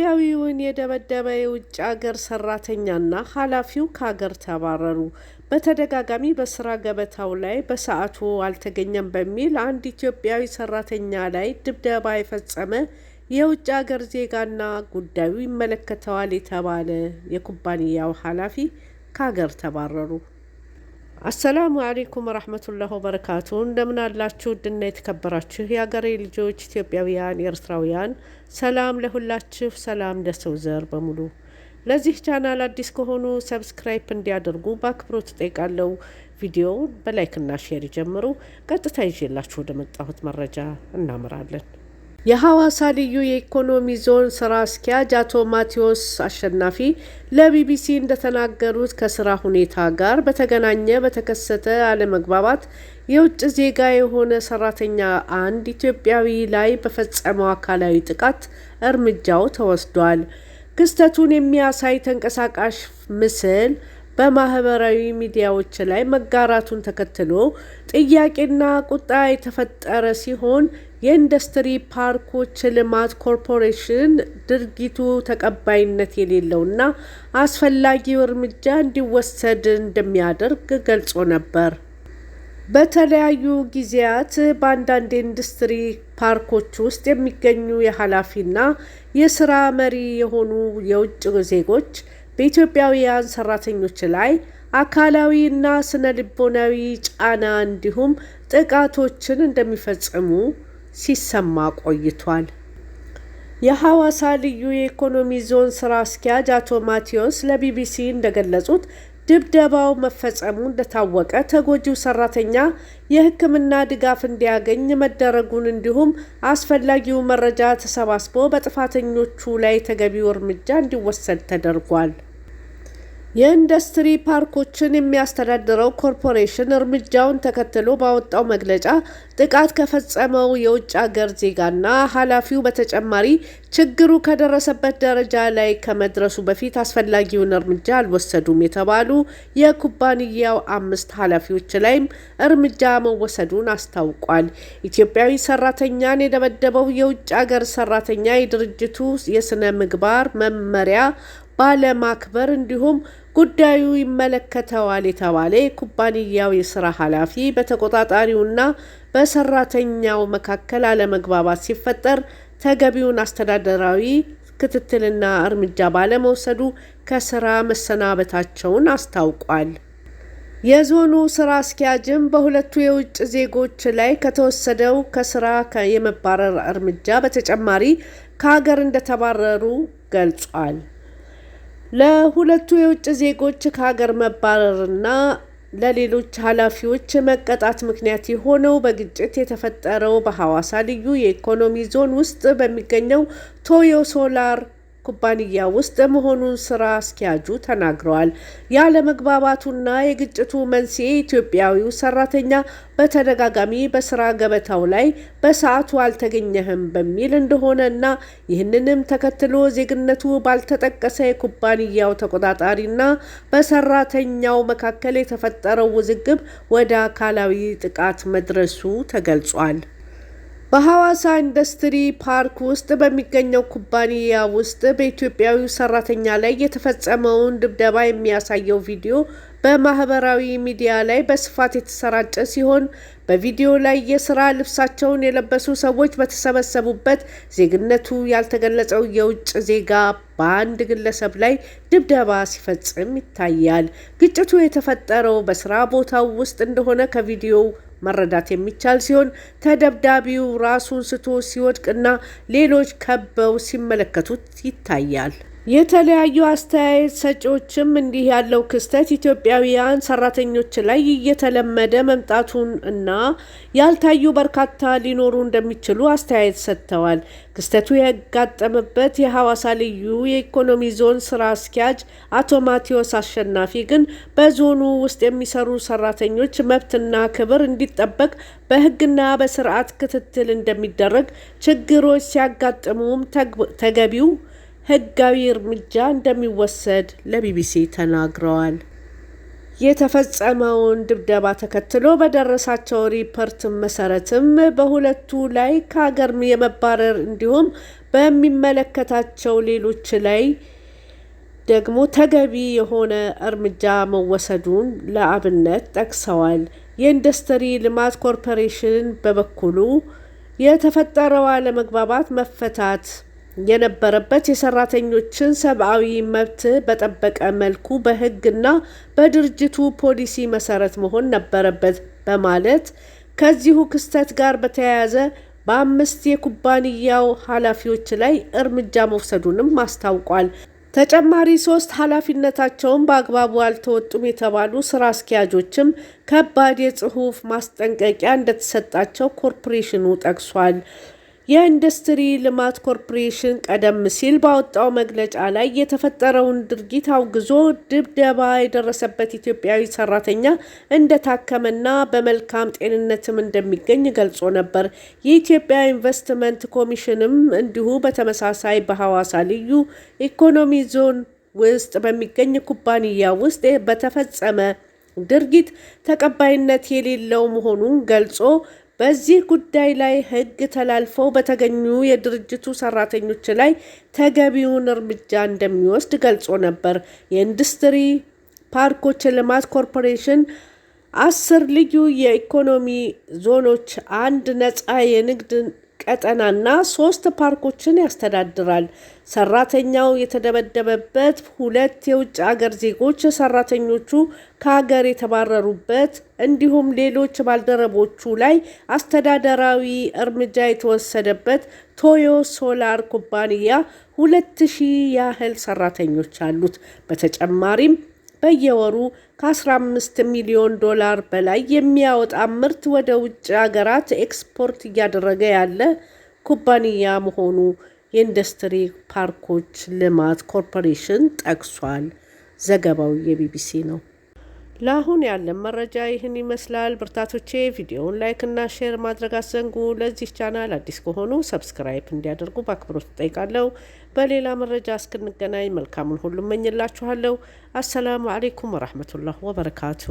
ኢትዮጵያዊውን የደበደበ የውጭ ሀገር ሰራተኛና ኃላፊው ከሀገር ተባረሩ። በተደጋጋሚ በስራ ገበታው ላይ በሰዓቱ አልተገኘም በሚል አንድ ኢትዮጵያዊ ሰራተኛ ላይ ድብደባ የፈጸመ የውጭ ሀገር ዜጋና ጉዳዩ ይመለከተዋል የተባለ የኩባንያው ኃላፊ ከሀገር ተባረሩ። አሰላሙ አሌይኩም ወረህመቱላህ ወበረካቱ እንደምን አላችሁ? ውድና የተከበራችሁ የሀገሬ ልጆች ኢትዮጵያውያን፣ ኤርትራውያን ሰላም ለሁላችሁ፣ ሰላም ለሰው ዘር በሙሉ። ለዚህ ቻናል አዲስ ከሆኑ ሰብስክራይብ እንዲያደርጉ በአክብሮት እጠይቃለሁ። ቪዲዮውን በላይክና ሼር ይጀምሩ። ቀጥታ ይዤላችሁ ወደ መጣሁት መረጃ እናምራለን። የሐዋሳ ልዩ የኢኮኖሚ ዞን ስራ አስኪያጅ አቶ ማቴዎስ አሸናፊ ለቢቢሲ እንደተናገሩት ከስራ ሁኔታ ጋር በተገናኘ በተከሰተ አለመግባባት የውጭ ዜጋ የሆነ ሰራተኛ አንድ ኢትዮጵያዊ ላይ በፈጸመው አካላዊ ጥቃት እርምጃው ተወስዷል። ክስተቱን የሚያሳይ ተንቀሳቃሽ ምስል በማህበራዊ ሚዲያዎች ላይ መጋራቱን ተከትሎ ጥያቄና ቁጣ የተፈጠረ ሲሆን የኢንዱስትሪ ፓርኮች ልማት ኮርፖሬሽን ድርጊቱ ተቀባይነት የሌለውና አስፈላጊው እርምጃ እንዲወሰድ እንደሚያደርግ ገልጾ ነበር። በተለያዩ ጊዜያት በአንዳንድ ኢንዱስትሪ ፓርኮች ውስጥ የሚገኙ የኃላፊና የስራ መሪ የሆኑ የውጭ ዜጎች በኢትዮጵያውያን ሰራተኞች ላይ አካላዊ እና ስነ ልቦናዊ ጫና እንዲሁም ጥቃቶችን እንደሚፈጽሙ ሲሰማ ቆይቷል። የሐዋሳ ልዩ የኢኮኖሚ ዞን ስራ አስኪያጅ አቶ ማቴዎስ ለቢቢሲ እንደገለጹት ድብደባው መፈጸሙ እንደታወቀ ተጎጂው ሰራተኛ የሕክምና ድጋፍ እንዲያገኝ መደረጉን እንዲሁም አስፈላጊው መረጃ ተሰባስቦ በጥፋተኞቹ ላይ ተገቢው እርምጃ እንዲወሰድ ተደርጓል። የኢንዱስትሪ ፓርኮችን የሚያስተዳድረው ኮርፖሬሽን እርምጃውን ተከትሎ ባወጣው መግለጫ ጥቃት ከፈጸመው የውጭ ሀገር ዜጋና ኃላፊው በተጨማሪ ችግሩ ከደረሰበት ደረጃ ላይ ከመድረሱ በፊት አስፈላጊውን እርምጃ አልወሰዱም የተባሉ የኩባንያው አምስት ኃላፊዎች ላይም እርምጃ መወሰዱን አስታውቋል። ኢትዮጵያዊ ሰራተኛን የደበደበው የውጭ ሀገር ሰራተኛ የድርጅቱ የስነ ምግባር መመሪያ ባለማክበር እንዲሁም ጉዳዩ ይመለከተዋል የተባለ የኩባንያው የሥራ ኃላፊ በተቆጣጣሪውና በሰራተኛው መካከል አለመግባባት ሲፈጠር ተገቢውን አስተዳደራዊ ክትትልና እርምጃ ባለመውሰዱ ከስራ መሰናበታቸውን አስታውቋል። የዞኑ ስራ አስኪያጅም በሁለቱ የውጭ ዜጎች ላይ ከተወሰደው ከስራ የመባረር እርምጃ በተጨማሪ ከሀገር እንደተባረሩ ገልጿል። ለሁለቱ የውጭ ዜጎች ከሀገር መባረርና ለሌሎች ኃላፊዎች መቀጣት ምክንያት የሆነው በግጭት የተፈጠረው በሐዋሳ ልዩ የኢኮኖሚ ዞን ውስጥ በሚገኘው ቶዮ ሶላር ኩባንያ ውስጥ መሆኑን ስራ አስኪያጁ ተናግረዋል። ያለመግባባቱና የግጭቱ መንስኤ ኢትዮጵያዊው ሰራተኛ በተደጋጋሚ በስራ ገበታው ላይ በሰዓቱ አልተገኘህም በሚል እንደሆነ እና ይህንንም ተከትሎ ዜግነቱ ባልተጠቀሰ የኩባንያው ተቆጣጣሪና በሰራተኛው መካከል የተፈጠረው ውዝግብ ወደ አካላዊ ጥቃት መድረሱ ተገልጿል። በሐዋሳ ኢንዱስትሪ ፓርክ ውስጥ በሚገኘው ኩባንያ ውስጥ በኢትዮጵያዊ ሰራተኛ ላይ የተፈጸመውን ድብደባ የሚያሳየው ቪዲዮ በማህበራዊ ሚዲያ ላይ በስፋት የተሰራጨ ሲሆን በቪዲዮ ላይ የስራ ልብሳቸውን የለበሱ ሰዎች በተሰበሰቡበት ዜግነቱ ያልተገለጸው የውጭ ዜጋ በአንድ ግለሰብ ላይ ድብደባ ሲፈጽም ይታያል። ግጭቱ የተፈጠረው በስራ ቦታው ውስጥ እንደሆነ ከቪዲዮው መረዳት የሚቻል ሲሆን ተደብዳቢው ራሱን ስቶ ሲወድቅና ሌሎች ከበው ሲመለከቱት ይታያል። የተለያዩ አስተያየት ሰጪዎችም እንዲህ ያለው ክስተት ኢትዮጵያውያን ሰራተኞች ላይ እየተለመደ መምጣቱን እና ያልታዩ በርካታ ሊኖሩ እንደሚችሉ አስተያየት ሰጥተዋል። ክስተቱ ያጋጠመበት የሐዋሳ ልዩ የኢኮኖሚ ዞን ስራ አስኪያጅ አቶ ማቴዎስ አሸናፊ ግን በዞኑ ውስጥ የሚሰሩ ሰራተኞች መብትና ክብር እንዲጠበቅ በሕግና በስርዓት ክትትል እንደሚደረግ ችግሮች ሲያጋጥሙም ተገቢው ህጋዊ እርምጃ እንደሚወሰድ ለቢቢሲ ተናግረዋል። የተፈጸመውን ድብደባ ተከትሎ በደረሳቸው ሪፖርት መሰረትም በሁለቱ ላይ ከሀገር የመባረር እንዲሁም በሚመለከታቸው ሌሎች ላይ ደግሞ ተገቢ የሆነ እርምጃ መወሰዱን ለአብነት ጠቅሰዋል። የኢንዱስትሪ ልማት ኮርፖሬሽን በበኩሉ የተፈጠረው አለመግባባት መፈታት የነበረበት የሰራተኞችን ሰብአዊ መብት በጠበቀ መልኩ በህግና በድርጅቱ ፖሊሲ መሰረት መሆን ነበረበት በማለት ከዚሁ ክስተት ጋር በተያያዘ በአምስት የኩባንያው ኃላፊዎች ላይ እርምጃ መውሰዱንም አስታውቋል። ተጨማሪ ሶስት ኃላፊነታቸውን በአግባቡ አልተወጡም የተባሉ ስራ አስኪያጆችም ከባድ የጽሁፍ ማስጠንቀቂያ እንደተሰጣቸው ኮርፖሬሽኑ ጠቅሷል። የኢንዱስትሪ ልማት ኮርፖሬሽን ቀደም ሲል ባወጣው መግለጫ ላይ የተፈጠረውን ድርጊት አውግዞ ድብደባ የደረሰበት ኢትዮጵያዊ ሰራተኛ እንደታከመና በመልካም ጤንነትም እንደሚገኝ ገልጾ ነበር። የኢትዮጵያ ኢንቨስትመንት ኮሚሽንም እንዲሁ በተመሳሳይ በሐዋሳ ልዩ ኢኮኖሚ ዞን ውስጥ በሚገኝ ኩባንያ ውስጥ በተፈጸመ ድርጊት ተቀባይነት የሌለው መሆኑን ገልጾ በዚህ ጉዳይ ላይ ሕግ ተላልፈው በተገኙ የድርጅቱ ሰራተኞች ላይ ተገቢውን እርምጃ እንደሚወስድ ገልጾ ነበር። የኢንዱስትሪ ፓርኮች ልማት ኮርፖሬሽን አስር ልዩ የኢኮኖሚ ዞኖች፣ አንድ ነጻ የንግድ ቀጠናና ሶስት ፓርኮችን ያስተዳድራል። ሰራተኛው የተደበደበበት፣ ሁለት የውጭ አገር ዜጎች ሰራተኞቹ ከሀገር የተባረሩበት እንዲሁም ሌሎች ባልደረቦቹ ላይ አስተዳደራዊ እርምጃ የተወሰደበት ቶዮ ሶላር ኩባንያ ሁለት ሺህ ያህል ሰራተኞች አሉት። በተጨማሪም በየወሩ ከ15 ሚሊዮን ዶላር በላይ የሚያወጣ ምርት ወደ ውጭ ሀገራት ኤክስፖርት እያደረገ ያለ ኩባንያ መሆኑ የኢንዱስትሪ ፓርኮች ልማት ኮርፖሬሽን ጠቅሷል። ዘገባው የቢቢሲ ነው። ለአሁን ያለን መረጃ ይህን ይመስላል። ብርታቶቼ ቪዲዮውን ላይክ እና ሼር ማድረግ አትዘንጉ። ለዚህ ቻናል አዲስ ከሆኑ ሰብስክራይብ እንዲያደርጉ በአክብሮት እጠይቃለሁ። በሌላ መረጃ እስክንገናኝ መልካሙን ሁሉ እመኝላችኋለሁ። አሰላሙ አሌይኩም ወራህመቱላህ ወበረካቱ